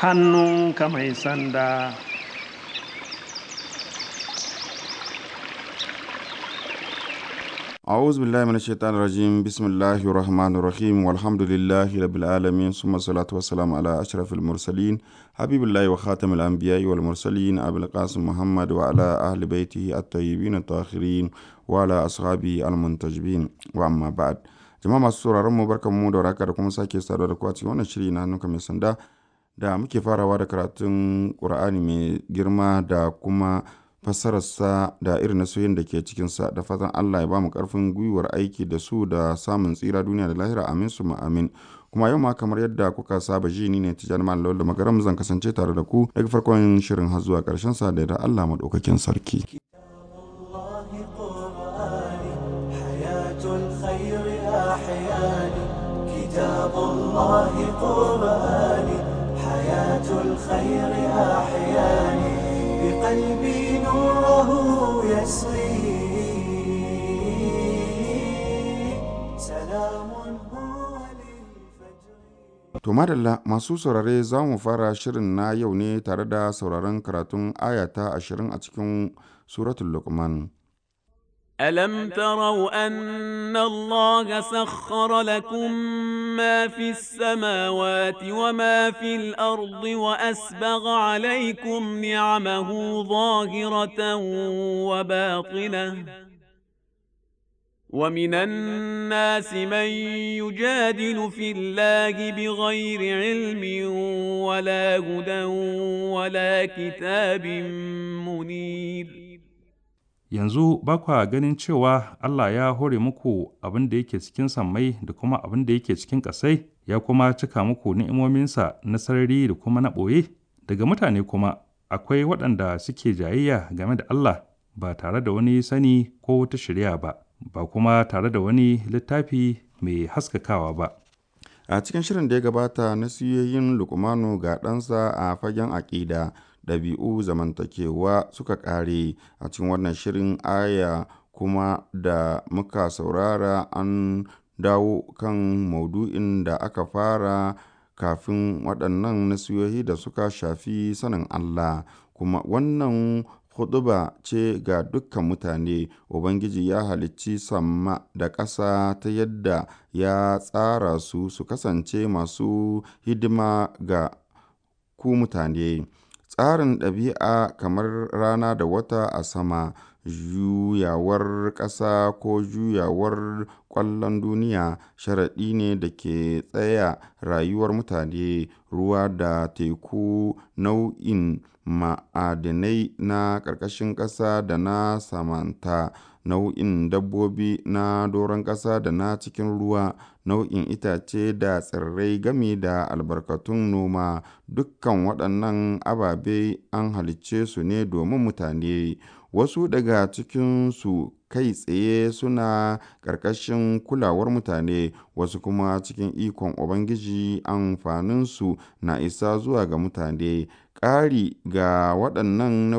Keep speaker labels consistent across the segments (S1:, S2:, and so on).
S1: hannunka mai sanda
S2: أعوذ بالله من الشيطان الرجيم بسم الله الرحمن الرحيم والحمد لله رب العالمين ثم الصلاة والسلام على أشرف المرسلين حبيب الله وخاتم الأنبياء والمرسلين أبي القاسم محمد وعلى أهل بيته الطيبين الطاهرين وعلى أصحابه المنتجبين وأما بعد جماعة masu sauraron mu مودة وراكة ركوم ساكي da kuma sake saduwa da ku da muke farawa da karatun Ƙur'ani mai girma da kuma fassararsa da irin nasoyin da ke cikinsa da fatan Allah ya ba mu ƙarfin gwiwar aiki da su da samun tsira duniya da lahira amin su amin kuma yau ma kamar yadda kuka saba ji ni ne Tijjani ma da magaram zan kasance tare da ku daga farkon shirin har zuwa ƙarshen sa da Allah maɗaukakin sarki
S3: كتاب الله الخير أحياني بقلبي نوره يسري
S2: To madalla masu saurare za mu fara shirin na yau ne tare da sauraron karatun ayata ashirin a cikin suratun Luqman.
S3: ألم تروا أن الله سخر لكم ما في السماوات وما في الأرض وأسبغ عليكم نعمه ظاهرة وباطنة ومن الناس من يجادل في الله بغير علم ولا هدى ولا كتاب منير
S1: yanzu ba kwa ganin cewa Allah ya hore muku abin da yake cikin sammai da kuma abin da yake cikin ƙasai, ya kuma cika muku ni'imominsa na sarari da kuma na ɓoye? Daga mutane kuma, akwai waɗanda suke jayayya game da Allah ba tare da wani sani ko wata shirya ba, ba kuma tare da wani littafi
S2: mai haskakawa ba. A cikin shirin da ya gabata na siyoyin Lukumanu ga ɗansa a fagen aƙida. dabi'u zamantakewa suka ƙare. A cikin wannan shirin aya kuma da muka saurara an dawo kan maudu'in da aka fara kafin waɗannan nasiyoyi da suka shafi sanin Allah, kuma wannan huɗuba ce ga dukkan mutane. Ubangiji ya halicci sama da ƙasa ta yadda ya tsara su su kasance masu hidima ga ku mutane. Tsarin ɗabi'a kamar rana da wata a sama, juyawar ƙasa ko juyawar ƙwallon duniya sharaɗi ne da ke tsaya rayuwar mutane, ruwa da teku, nau'in ma'adinai na ƙarƙashin ƙasa da na samanta. nau'in dabbobi na doron ƙasa da na cikin ruwa, nau'in itace da tsirrai gami da albarkatun noma, dukkan waɗannan ababe an halicce su ne domin mutane. Wasu daga cikinsu kai tsaye suna ƙarƙashin kulawar mutane, wasu kuma cikin ikon Ubangiji amfaninsu na isa zuwa ga mutane. Ƙari ga waɗannan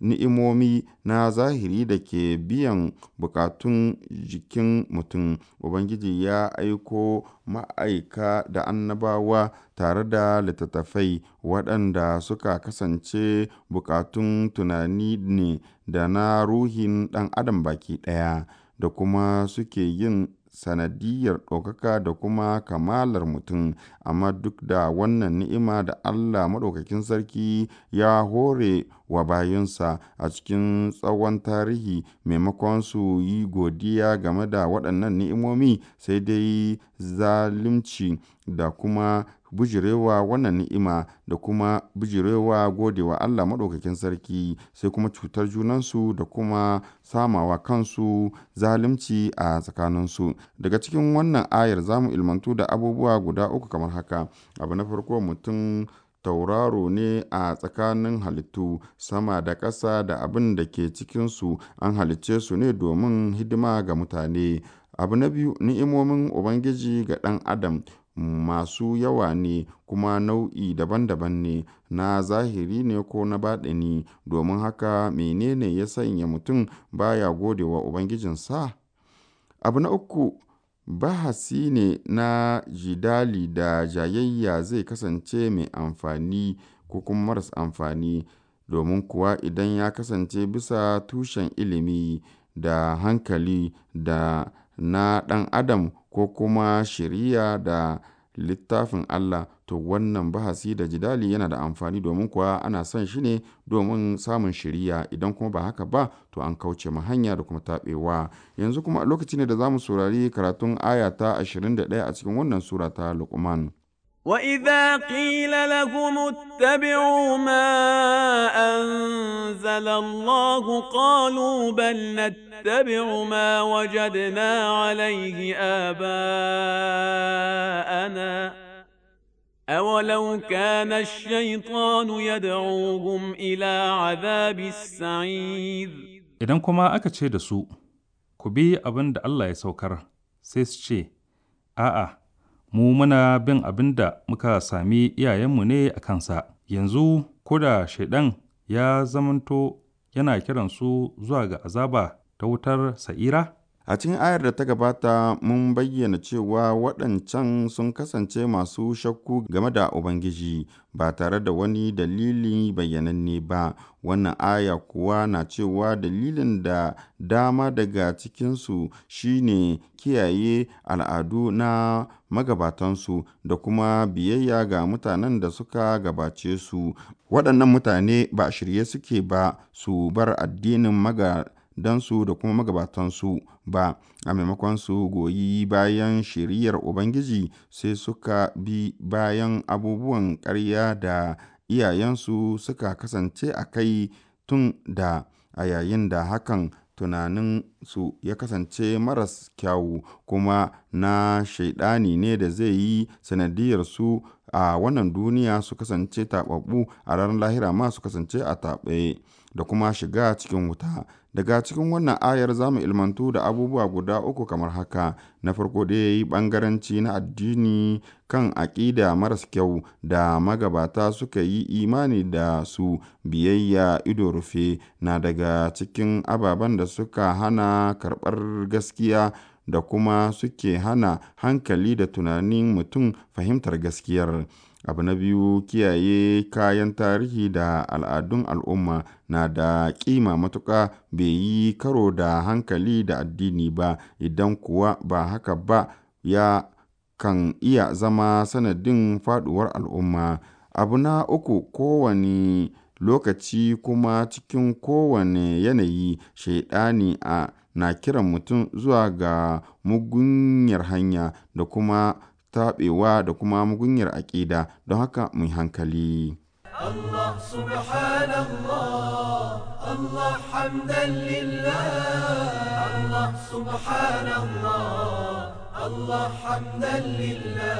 S2: ni'imomi na zahiri da ke biyan bukatun jikin mutum. Ubangiji ya aiko ma'aika da annabawa tare da littattafai waɗanda suka kasance bukatun tunani ne da na ruhin ɗan adam baki ɗaya, da kuma suke yin sanadiyar ɗaukaka da kuma kamalar mutum. Amma duk da wannan ni'ima da Allah Maɗaukakin Sarki ya hore wa bayinsa a cikin tsawon tarihi maimakon su yi godiya game da waɗannan ni'imomi sai dai zalunci da kuma bujirewa wannan ni'ima da kuma bijirewa godewa Allah maɗaukakin sarki sai kuma cutar junansu da kuma samawa kansu zalunci a tsakaninsu daga cikin wannan ayar zamu ilmantu da abubuwa guda uku kamar haka abu na farko mutum tauraro ne a tsakanin halittu, sama da ƙasa da abin da ke cikinsu, an halicce su ne domin hidima ga mutane. Abu na biyu, ni'imomin Ubangiji ga ɗan adam masu yawa ne kuma nau'i daban-daban ne, na zahiri ne ko na baɗini, domin haka menene ya sanya mutum ba ya gode wa Ubangijinsa? Abu na uku, Bahasi ne na jidali da jayayya zai kasance mai amfani ko kuma maras amfani, domin kuwa idan ya kasance bisa tushen ilimi da hankali da na ɗan adam ko kuma shiriya da littafin Allah, to wannan bahasi da jidali yana da amfani domin kuwa ana son shi ne domin samun shiriya idan kuma ba haka ba to an kauce ma hanya da kuma taɓewa. Yanzu kuma lokaci ne da za mu saurari karatun aya ta 21 a cikin wannan sura ta Luqman.
S3: واذا قيل لهم اتبعوا ما انزل الله قالوا بل نتبع ما وجدنا عليه اباءنا اولو كان الشيطان يدعوهم الى عذاب السعير
S1: idan kuma aka ce da su ku bi abin da Allah ya saukar sai su ce a'a mu muna bin abin da muka sami iyayenmu ne a kansa, yanzu ko da ya zamanto yana kiransu zuwa ga
S2: azaba ta wutar sa'ira? A cikin ayar da ta gabata mun bayyana cewa waɗancan sun kasance masu shakku game da Ubangiji ba tare da wani dalili bayyananne ba, wannan aya kuwa na cewa dalilin da dama daga cikinsu shine kiyaye al'adu na magabatansu da kuma biyayya ga mutanen da suka gabace su. Waɗannan mutane ba shirye suke ba su bar addinin magabatansu dansu da kuma magabatansu ba, a maimakon su goyi bayan shiriyar Ubangiji, sai suka bi bayan abubuwan ƙarya da iyayensu suka kasance a kai tun da, a yayin da hakan tunanin su ya kasance maras kyawu kuma na Shaiɗani ne da zai yi sanadiyar su a wannan duniya su kasance taɓaɓɓu a ranar lahira ma su kasance a taɓe da kuma shiga cikin wuta daga cikin wannan ayar za mu ilmantu da abubuwa guda uku kamar haka na farko da ya yi ɓangaranci na addini kan aƙida maras kyau da magabata suka yi imani da su biyayya ido rufe na daga cikin ababen da suka hana karɓar gaskiya da kuma suke hana hankali da tunanin mutum fahimtar gaskiyar. Abu na biyu, kiyaye kayan tarihi da al'adun al'umma na da kima matuƙa bai yi karo da hankali da addini ba, idan kuwa ba haka ba ya kan iya zama sanadin faduwar al'umma. Abu na uku, kowane lokaci kuma cikin kowane yanayi, Shaiɗani a na kiran mutum zuwa ga mugunyar hanya da kuma taɓewa da kuma mugunyar aƙida don haka mu yi hankali.
S3: Allah subhanallah Allah hamdan lillah Allah subhanallah Allah hamdan lillah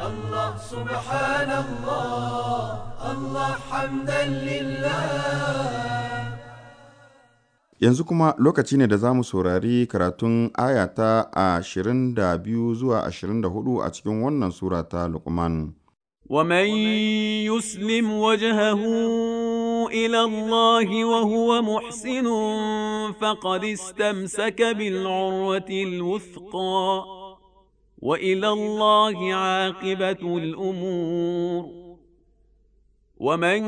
S3: Allah subhanallah Allah hamdan lillah
S2: Yanzu kuma lokaci ne da za mu saurari karatun aya ta ashirin da biyu zuwa ashirin da hudu a cikin wannan sura ta Luqman.
S3: ومن يسلم وجهه إلى الله وهو محسن فقد استمسك بالعروة الوثقى وإلى الله عاقبة الأمور ومن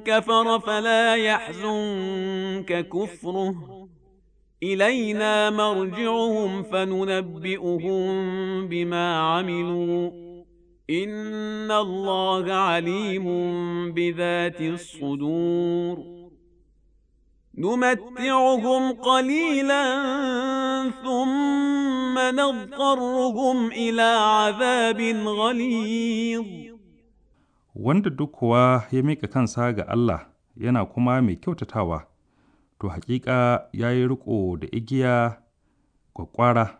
S3: كفر فلا يحزنك كفره الينا مرجعهم فننبئهم بما عملوا ان الله عليم بذات الصدور نمتعهم قليلا ثم نضطرهم الى عذاب غليظ
S1: wanda duk kuwa ya miƙa kansa ga Allah yana kuma mai kyautatawa, to haƙiƙa ya yi riƙo da igiya kwakwara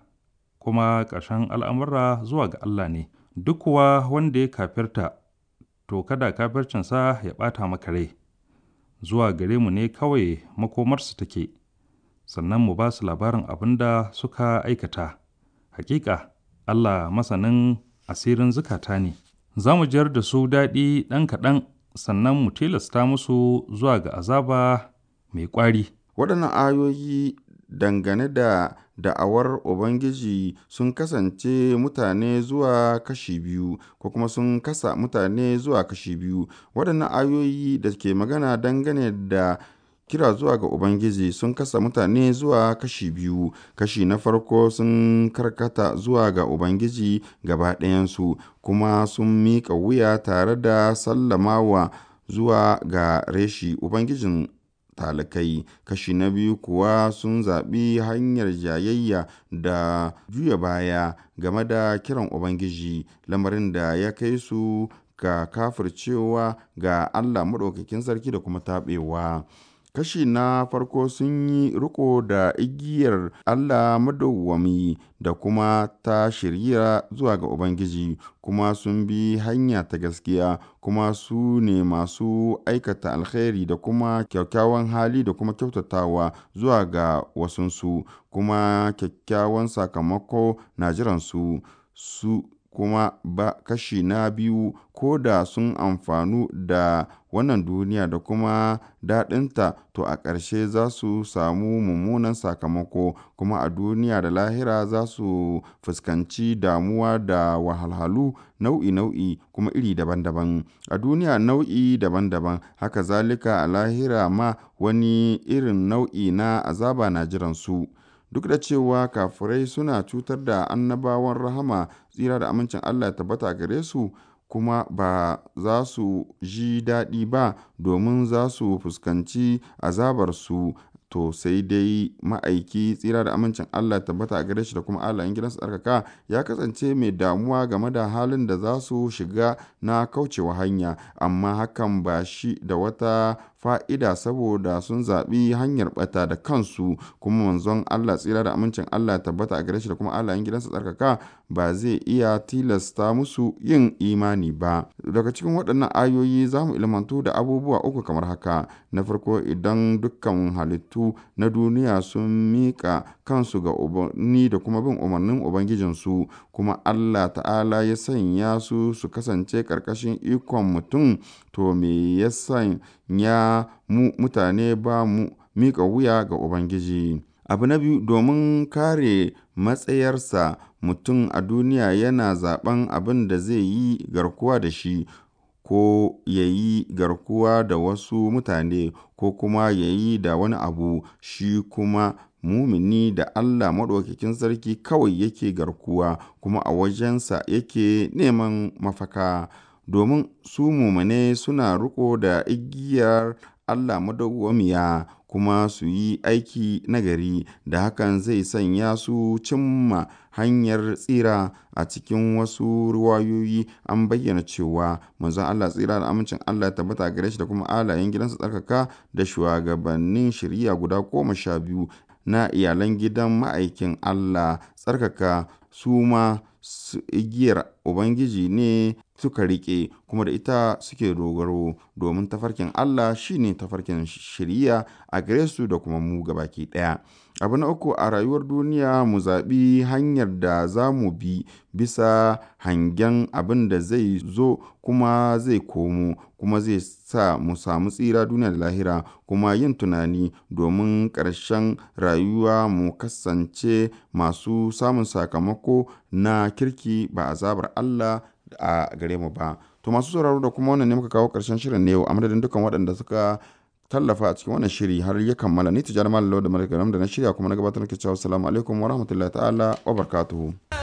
S1: kuma ƙarshen al'amurra zuwa ga Allah ne, duk kuwa wanda ya kafirta, to kada kafircinsa ya ɓata maka rai, zuwa gare mu ne kawai makomarsu take, sannan mu ba su labarin abin da suka aikata, haƙiƙa Allah masanin asirin zukata ne. za mu jar da su daɗi ɗan kaɗan sannan mu tilasta musu zuwa ga azaba mai ƙwari.
S2: Waɗannan ayoyi dangane da da'awar Ubangiji sun kasance mutane zuwa kashi biyu ko kuma sun kasa mutane zuwa kashi biyu waɗannan ayoyi da ke magana dangane da kira zuwa ga Ubangiji sun kasa mutane zuwa kashi biyu, kashi na farko sun karkata zuwa ga Ubangiji gaba ɗayansu, kuma sun mika wuya tare da sallamawa zuwa ga reshi Ubangijin talakai kashi na biyu kuwa sun zaɓi hanyar jayayya da juya baya game da kiran Ubangiji, lamarin da ya kai su ga kafircewa ga Allah Maɗaukakin Sarki da kuma taɓewa. Kashi na farko sun yi riko da igiyar Allah madawwami da kuma ta shirya zuwa ga Ubangiji, kuma sun bi hanya ta gaskiya, kuma su ne masu aikata alkhairi da kuma kyakkyawan hali da kuma kyautatawa zuwa ga wasunsu, kuma kyakkyawan sakamako na jiransu. Su kuma ba kashi na biyu ko da sun amfanu da wannan duniya da kuma daɗinta to a ƙarshe za su samu mummunan sakamako kuma a duniya da lahira za su fuskanci damuwa da wahalhalu nau'i-nau'i kuma iri daban-daban a duniya nau'i daban-daban haka zalika a lahira ma wani irin nau'i na azaba na jiransu Duk da cewa kafirai suna cutar da annabawan rahama tsira da amincin Allah ya tabbata gare su kuma ba za su ji daɗi ba domin za su fuskanci azabarsu to sai dai ma'aiki tsira da amincin Allah ya tabbata a gare shi da kuma allah alayen gidansa tsarkaka ya kasance mai damuwa game da halin da za su shiga na kaucewa hanya amma hakan ba shi da wata fa'ida saboda sun zaɓi hanyar ɓata da kansu kuma manzon Allah tsira da amincin Allah tabbata a gare shi da kuma allah alayen gidansa tsarkaka ba zai iya tilasta musu yin imani ba daga cikin waɗannan ayoyi za mu ilmantu da abubuwa uku kamar haka na farko idan dukkan halittu na duniya sun miƙa kansu ga ni da kuma bin umarnin Ubangijinsu, kuma Allah Ta'ala ya sanya su su kasance ƙarƙashin ikon mutum, to me ya sanya mu mutane ba mu miƙa wuya ga Ubangiji. Abu na biyu domin kare matsayarsa mutum a duniya yana zaɓen abin da zai yi garkuwa da shi, ko ya yi garkuwa da wasu mutane, ko kuma ya yi da wani abu, shi kuma mumini da Allah Maɗaukakin Sarki kawai yake garkuwa kuma a wajensa yake neman mafaka, domin su mumane suna riko da igiyar Allah madawwamiya kuma su yi aiki nagari da hakan zai sanya su cimma hanyar tsira a cikin wasu ruwayoyi an bayyana cewa manzon Allah tsira da amincin Allah tabbata gare shi da kuma alayen gidansa tsarkaka da shugabannin shari'a guda goma sha biyu na iyalan gidan ma'aikin Allah tsarkaka su ma igiyar Ubangiji ne suka riƙe kuma da ita suke dogaro domin tafarkin Allah shine tafarkin shirya a gare su da kuma mu gaba ke ɗaya. Abu na uku a rayuwar duniya mu zaɓi hanyar da za mu bi bisa hangen abin da zai zo kuma zai komo kuma zai sa mu samu tsira duniya da lahira kuma yin tunani domin ƙarshen rayuwa mu kasance masu samun sakamako na kirki ba azabar Allah a gare mu ba to masu sauraro da kuma wannan ne muka kawo karshen shirin ne a madadin dukkan waɗanda suka tallafa a cikin wannan shiri har ya kammala ni tijjar malam da malaka da na shirya kuma na gabatar da cewa assalamu alaikum wa rahmatullahi ta'ala wa barakatuhu